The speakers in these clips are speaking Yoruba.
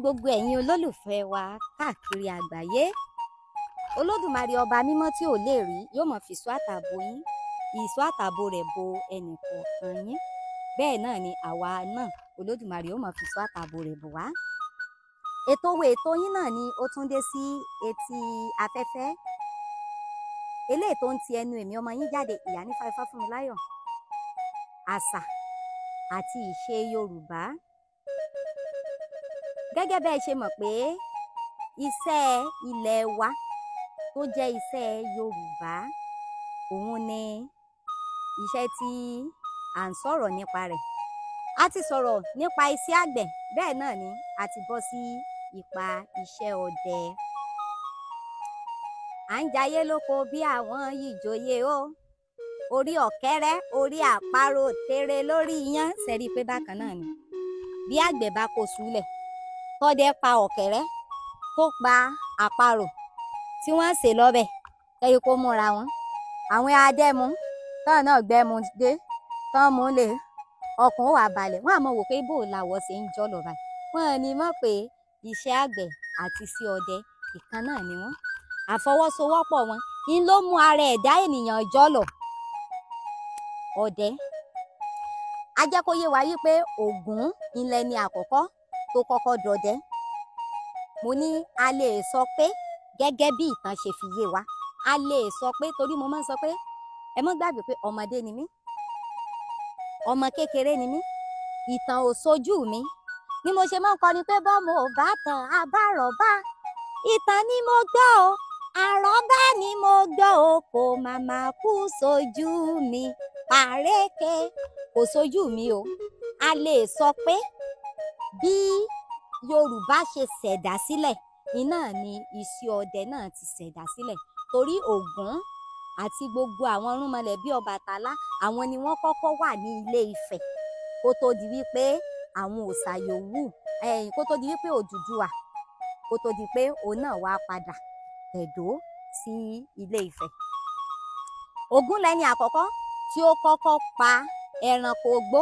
gbogbo ẹ̀yin olólùfẹ́ wa káàkiri àgbáyé olódùmarè ọba mímọ́ tí ò lè rí yóò mọ̀ fi ìṣọ́ àtàbò yín ìṣọ́ àtàbò rẹ̀ bo ẹnìkọ̀ọ̀kan yín bẹ́ẹ̀ náà ni àwa náà olódùmarè yóò mọ̀ fi ìṣọ́ àtàbò rẹ̀ bò wá. ètò owó ètò yín náà ni ó tún dé sí etí afẹ́fẹ́ eléyìí tó ń ti ẹnu èmi ọmọ yín jáde ìyá nífa ifá fún mi láyọ̀ àṣà àti ìṣe Yorùbá gẹ́gẹ́ bẹ́ẹ̀ ṣe mọ̀ pé iṣẹ́ ilẹ̀ wa tó jẹ́ iṣẹ́ Yorùbá òun ni iṣẹ́ tí à ń sọ̀rọ̀ nípa rẹ̀ a ti sọ̀rọ̀ nípa iṣẹ́ àgbẹ̀ bẹ́ẹ̀ náà ni a ti bọ́ sí ipa iṣẹ́ ọdẹ à ń jayé lóko bí àwọn ìjòyè o orí ọ̀kẹ́rẹ́ orí àparò tèrè lórí iyán ṣẹ́rí pé bákan náà ni bí àgbẹ̀ bá kó sùúlẹ̀ kọ́dẹ pa ọ̀kẹ́rẹ́ kó pa àparò tí wọ́n sè lọ́bẹ̀ kẹ́yìn kó múra wọn àwọn adẹ́mu tán náà gbẹ́mu dé tán mú lè ọkàn wà balẹ̀ wọ́n àmọ́ wò pé bò làwọ̀ ṣe ń jọ́ lọ́ba wọ́n ní mọ̀ pé iṣẹ́ àgbẹ̀ àti iṣẹ́ ọdẹ ìkan náà ni wọ́n àfọwọ́sowọ́pọ̀ wọn ni ló mú ara ẹ̀dá ènìyàn jọ́lọ̀ ọdẹ a jẹ́ kó yé wa yí pé Ògún ilẹ̀ ni àkọ́kọ́ tó kọ́kọ́ dọdẹ mo ní a lè sọ pé gẹ́gẹ́ bí ìtàn ṣe fi yé wa a lè sọ pé torí mo máa ń sọ pé ẹ mọ́ gbàgbé pé ọmọdé ni mí ọmọ kékeré ni mí ìtàn ò sojú mi ni mo ṣe máa ń kọrin pé bọ́mọ ò bá tàn abárọ̀bá ìtàn ni mo gbọ́ o àrọ́bá ni mo gbọ́ o kò màmá kú sojú mi pàrékè kò sojú mi o a lè sọ pé bí Yorùbá ṣe ṣẹ̀dá sílẹ̀ iná ni iṣẹ́ ọdẹ náà ti ṣẹ̀dá sílẹ̀ torí Ògún àti gbogbo àwọn irúnmọlẹ̀ bíi Ọbàtálá àwọn ni wọ́n kọ́kọ́ wà ní Ilé Ifẹ̀ kó tó di wípé àwọn òòṣà yòówù ẹ̀yìn kó tó di wípé Odùduwà kó tó di pé òun náà wá padà tẹ̀dó sí Ilé Ifẹ̀ Ògún lẹni àkọ́kọ́ tí ó kọ́kọ́ pa ẹranko gbó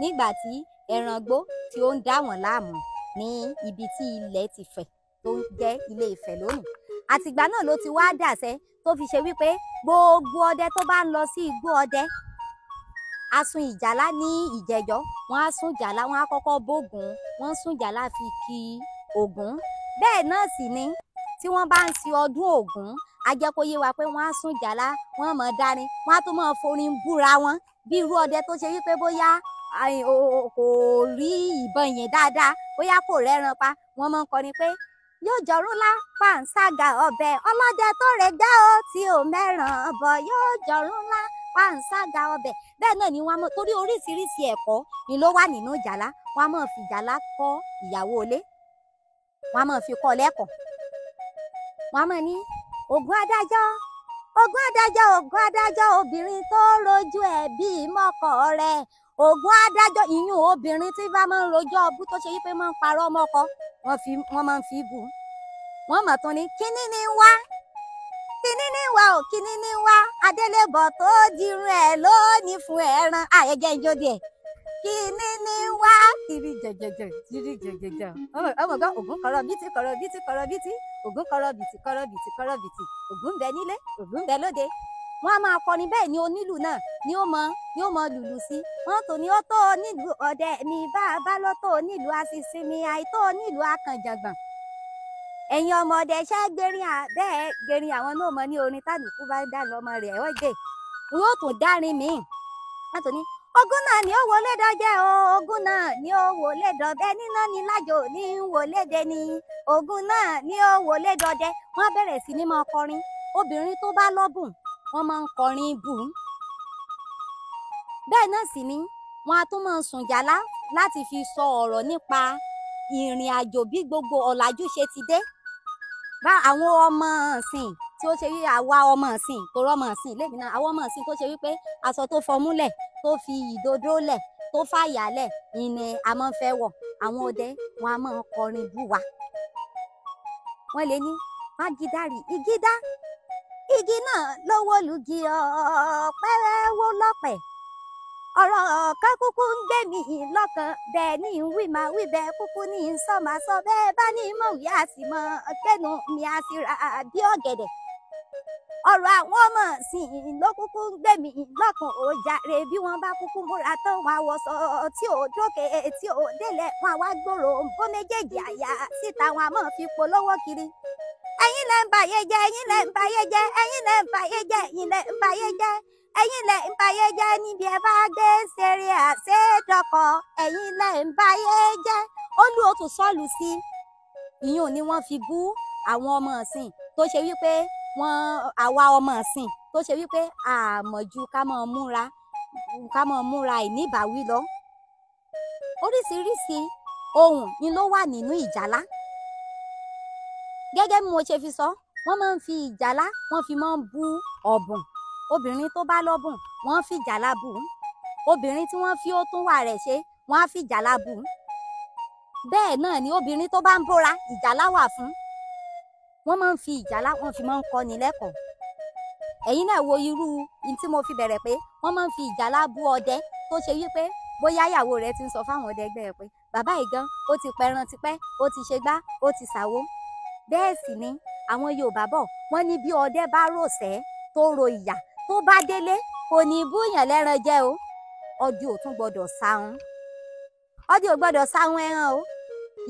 nígbà tí ẹrangbó tí ó ń dà wọ́n láàmú ní ibi tí ilẹ̀ ti fẹ̀ tó ń jẹ́ ilé Ifẹ̀ lónìí àtìgbà náà ló ti wá dàṣẹ tó fi ṣe wípé gbogbo ọdẹ tó bá ń lọ sí igbó ọdẹ asun ìjàlá ní ìjẹjọ wọn á sun ìjàlá wọn á kọ́kọ́ bógun wọn sun ìjàlá fi kí Ògún bẹ́ẹ̀ náà sì ni tí wọ́n bá ń sin ọdún Ògún a jẹ́ kó yé wa pé wọ́n á sun ìjàlá wọ́n mọ̀ dárin wọ́n á tún mọ̀ forin búra wọn bí irú ọdẹ tó ṣe wípé bóyá kò rí ìbọn yẹn dáadáa bóyá kò rẹ́ran pa wọ́n mọ̀ ń kọrin pé yóò jọrún lá pàǹsága ọbẹ̀ ọlọ́dẹ tó rẹ̀ dá o tí ò mẹ́ràn bọ̀ yóò jọrún lá pàǹsága ọbẹ̀ bẹ́ẹ̀ náà ni wọ́n mọ̀ torí oríṣiríṣi ẹ̀kọ́ ni ló wà nínú ìjàlá wọ́n mọ̀ fi ìjàlá kọ́ ìyàwó ilé wọ́n mọ̀ fi kọ́ lẹ́kọ̀ọ́ wọ́n mọ̀ ní ògùn adájọ́ ògùn adájọ́ ògùn adájọ́ obìnrin tó rojú ẹ̀ bíi mọ́kọ rẹ̀ ògùn adájọ́ ìyún obìnrin tí bá máa ń rojọ́ ọbú tó ṣe wípé máa ń parọ́ ọmọkọ wọ́n máa ń fi bù wọ́n mọ̀ tán ni kíní ni wá kíní ni wá ò kíní ni wá adélébọ̀ tó dirun ẹ̀ lónìí fún ẹran àyẹ̀jẹ̀ ìjọdẹ kíní ni wá kiri jẹjẹjẹ kiri jẹjẹjẹ ọmọ gbọ́ ògùn kọ̀rọ̀ bìtì kọ̀rọ̀ bìtì kọ̀rọ̀ bìtì ògùn kọ̀rọ̀ bìtì kọ̀rọ̀ bìtì kọ̀rọ̀ bìtì ògùn bẹ nílé ògùn bẹ lóde wọ́n á máa kọrin bẹ́ẹ̀ ni onílù náà ni ó mọ ni ó mọ lùlù sí wọ́n tò ní ó tó onílù ọdẹ ni bàbá ló tó onílù asisinmi àìtó onílù akànjàgbọ̀n ẹ̀yin ọmọdé ṣe gbẹrin bẹ́ẹ̀ gbẹrin àwọn náà mọ ní orin tálùkù bá dá lọmọ rẹ̀ ẹwọ gè n ó tún dárin mi wọ́n tò ní ogún náà ni ó wọlé dọjẹ o ogún náà ni ó wọlé dọbẹ níná ni lájò ní ń wọlé dẹ ni ogún náà ni ó wọlé dọdẹ wọ́n bẹ̀rẹ̀ sí ní mọ kọrin obìnrin tó bá lọ́bùn wọ́n máa ń kọrin bù ú bẹ́ẹ̀ náà sì ni wọ́n á tún máa sùn jàlá láti fi sọ ọ̀rọ̀ nípa ìrìn àjò bí gbogbo ọ̀làjú ṣe ti dé bá àwọn ọmọ ọ̀sìn tí ó ṣe wí àwa ọmọ ọ̀sìn tó rọ́mọ ọ̀sìn lèmi náà àwọn ọmọ ọ̀sìn tó ṣe wípé aṣọ tó fọmúlẹ̀ tó fi ìdodo lẹ̀ tó fàyà ìní a máa ń fẹ́ wọ̀ àwọn ọdẹ wọn a máa kọrin bú wa wọ́n lè ní má gidari igida igi náà lówó lugi ọ̀pẹ́ wó lọ́pẹ́ ọ̀rọ̀ kan kúkú ń gbé mi lọ́kàn bẹ́ẹ̀ ni wí máa wí bẹ́ẹ̀ kúkú ní ń sọ bẹ́ẹ̀ bá ní mọ̀ wí àti mọ̀ kẹ́nu mi àti ra bí ọ̀gẹ̀dẹ̀ ọ̀rọ̀ àwọn ọmọ sì ló kúkú ń gbé mi lọ́kàn ó jàre bí wọ́n bá kúkú múra tán wọn àwọ̀sọ tí ò dókè tí ò délẹ̀ wọn àwa gbòòrò bó méjèèjì àyà síta wọn àmọ́ fi polówó kiri ẹ̀yin lẹ ń bàyé jẹ́ ẹ̀yin lẹ ń bàyé jẹ́ ẹ̀yin lẹ ń bàyé jẹ́ ẹ̀yin lẹ ń bàyé jẹ́ ẹ̀yin lẹ ń bàyé jẹ́ níbi ẹ bá dé ṣeré àṣẹdọkọ ẹ̀yin lẹ ń bàyé jẹ́ ó lù ó tún sọlù sí ìyún ni wọ́n fi bú àwọn ọmọ ọ̀sìn tó ṣe wípé wọ́n àwa ọmọ ọ̀sìn tó ṣe wípé àmọ̀jù ká mọ̀ múra ká mọ̀ múra ìníbàwí lọ oríṣiríṣi ohun ni ló wà nínú ìjálá gẹ́gẹ́ bí mo ṣe fi sọ wọ́n máa ń fi ìjálá wọ́n fi máa ń bu ọ̀bùn obìnrin tó bá lọ́bùn wọ́n fi ìjálá bù ú obìnrin tí wọ́n fi ó tún wà rẹ̀ ṣe wọ́n á fi ìjálá bù ú bẹ́ẹ̀ náà ni obìnrin tó bá ń bóra ìjálá wà fún wọ́n máa ń fi ìjálá wọ́n fi máa ń kọ́ni lẹ́kọ̀ọ́ ẹ̀yin náà wo irú in tí mo fi bẹ̀rẹ̀ pé wọ́n máa ń fi ìjálá bú ọdẹ tó ṣe wípé bóyá ìyàwó rẹ̀ ti ń sọ fáwọn ọdẹ ẹgbẹ́ pé bàbá ìgan ó ti pẹran tipẹ́ ó ti ṣe gbá ó ti ṣàwo bẹ́ẹ̀ sì ni àwọn Yorùbá bọ̀ wọ́n ní bí ọdẹ bá ròṣẹ́ tó ro ìyà tó bá délé kò ní bú èèyàn lẹ́ran jẹ́ o ọdẹ ò tún gbọdọ̀ sáhun ọdẹ ò gbọdọ̀ sáhun ẹran o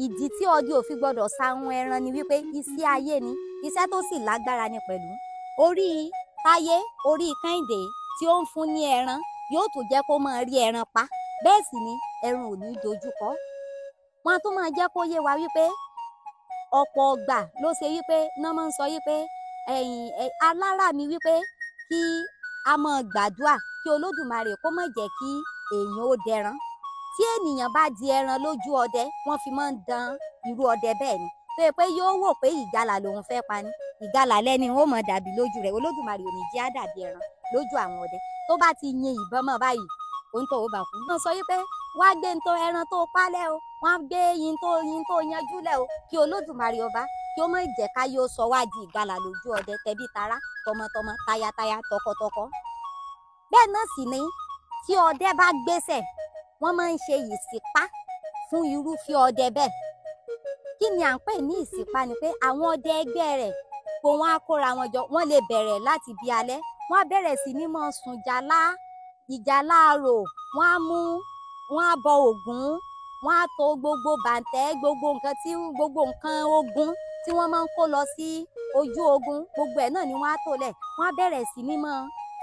ìdí tí ọdẹ ò fi gbọdọ̀ sáhun ẹran ni wípé iṣẹ́ ayé ni iṣẹ́ tó sì lágbára ni pẹ̀lú orí táyé orí kẹ́hìndé tí ó ń fún ní ẹran yóò tún jẹ́ kó máa rí ẹran pa bẹ́ẹ̀ sì ni ẹran ò ní dojúkọ wọn a tún máa jẹ́ kó yé wa wípé ọ̀pọ̀ ọgbà ló ṣe wípé náà máa ń sọ wípé alára mi wípé kí a máa gbàdúà kí olódùmarè kó má jẹ́ kí èèyàn ó dẹran tí ènìyàn bá di ẹran lójú ọdẹ wọ́n fi máa ń dán irú ọdẹ bẹ́ẹ̀ ni tó yẹ pé yóò wò pé ìgalà lòun fẹ́ pa ni ìgalà lẹ́ni ó mọ̀ dàbí lójú rẹ̀ olódùmarè ò ní jẹ́ àdàbí ẹran lójú àwọn ọdẹ tó bá ti yin ìbọn mọ́ báyìí òun tó o bà kú. wọ́n sọ wípé wá gbé ń tó ẹran tó pálẹ̀ o wọ́n á gbé yín tó yín tó yanjú lẹ̀ o kí olódùmarè ọba kí ó mọ̀ jẹ́ ká yóò sọ wá di ìgalà lójú ọdẹ tẹbí tará tọmọtọmọ tayataya tọkọtọkọ bẹ́ẹ̀ náà sì ni tí ọdẹ bá gbéṣẹ̀ wọ́n máa ń ṣe ìsìpá fún irúfẹ́ ọdẹ bẹ́ẹ̀ kí ni à ń pè ní ìsìpá ni pé àwọn ọdẹ ẹgbẹ́ rẹ̀ kò wọ́n á kóra wọn jọ wọ́n lè bẹ̀rẹ̀ láti bí alẹ́ wọ́n á bẹ̀rẹ̀ sí ní mọ̀ sùn jàlá ìjàlá àrò wọ́n á mú wọ́n á bọ ògún wọ́n á tò gbogbo bàǹtẹ́ gbogbo nǹkan tí gbogbo nǹkan ogun tí wọ́n máa ń kó lọ sí ojú ogun gbogbo ẹ̀ náà ni wọ́n á tò lẹ̀ wọ́n á bẹ̀rẹ̀ sí ní mọ́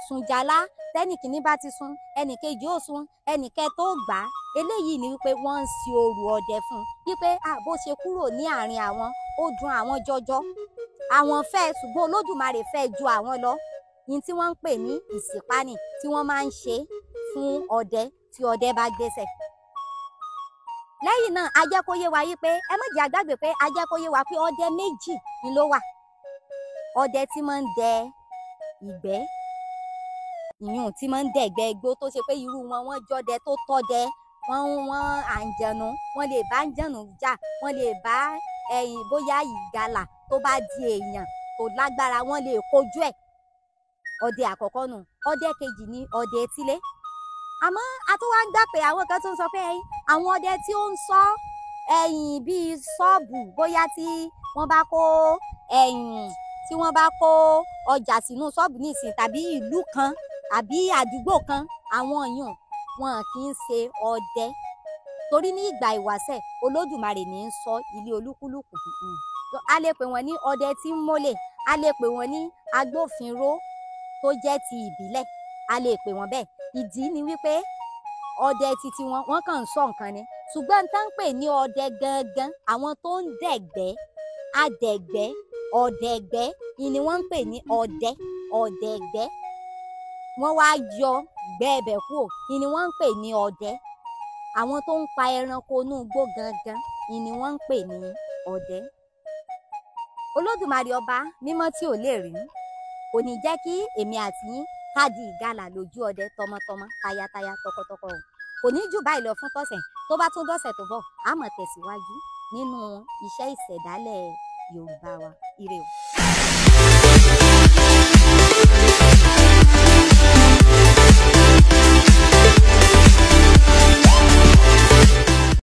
sùn jàlá tẹ́nìkìní bá ti sun ẹnìkejì ó sun ẹnìkẹ́ tó gbà á eléyìí ni wípé wọ́n ń sin orò ọdẹ fún un wípé àbó ṣe kúrò ní àárín àwọn ó dùn àwọn jọjọ àwọn fẹ́ ṣùgbọ́n olódùmarè fẹ́ ju àwọn lọ ní tí wọ́n ń pè ní ìsìpánì tí wọ́n máa ń ṣe fún ọdẹ tí ọdẹ bá gbéṣẹ̀ lẹ́yìn náà a jẹ́ kó yé wa yìí pé ẹ má jẹ́ àgbàgbé pé a jẹ́ kó yé wa pé ọdẹ méjì ni ló wà ọdẹ tí máa ń dẹ ìgbẹ́ ìyún tí máa ń dẹ ìgbẹ́ igbó tó ṣe pé irú wọn wọ́n jọdẹ tó tọdẹ wọ́n wọ́n àǹjẹ̀nu wọ́n lè bá àǹjẹ̀nu jà wọ́n lè bá ẹ̀yìn bóyá ìgalà tó bá di èèyàn tó lágbára wọ́n lè kojú ẹ̀ ọdẹ àkọ́kọ́ nù ọdẹ kejì ni ọdẹ etílé àmọ́ a tún wá ń gbà pé àwọn kan tó ń sọ pé àwọn ọdẹ tí ó ń sọ ẹ̀yìn bíi ṣọ́ọ̀bù bóyá tí wọ́n bá kó ẹ̀yìn tí wọ́n bá kó ọjà sínú ṣọ́ọ̀bù nísìn tàbí ìlú kan àbí àdúgbò kan àwọn èèyàn wọn kì í ṣe ọdẹ torí ní ìgbà ìwàṣẹ̀ olódùmarè ní í sọ ilé olúkúlùkù a lè pè wọn ní ọdẹ tí ń mólẹ̀ a lè pè wọn ní agbófinró tó jẹ́ ti ìbílẹ̀ a lè pè wọn bẹ́ẹ̀ ìdí ni wípé ọdẹ titi wọn wọn kàn ń sọ nǹkan ni ṣùgbọ́n tá ń pè ní ọdẹ gangan àwọn tó ń dẹ̀gbẹ́ adẹ̀gbẹ́ ọ̀dẹ̀gbẹ́ ni wọ́n ń pè ní ọdẹ ọ̀dẹ̀gbẹ́ wọ́n wá yọ gbẹ́ẹ̀bẹ̀ kúrò ni wọ́n ń pè ní ọdẹ àwọn tó ń pa ẹranko inú igbó gangan ni wọ́n ń pè ní ọdẹ olódùmarè ọba mímọ́ tí ò lè rí kò ní jẹ́ kí èmi àti yín ká di ìgalà lójú ọdẹ tọmọtọmọ tayataya tọkọtọkọ o kò ní jù báyìí lọ fún tọ̀sẹ̀ tó bá tún dọ̀sẹ̀ tó bọ̀ á mọ̀ tẹ̀síwájú nínú iṣẹ́ ìṣẹ̀dálẹ̀ Yorùbá wa ire o.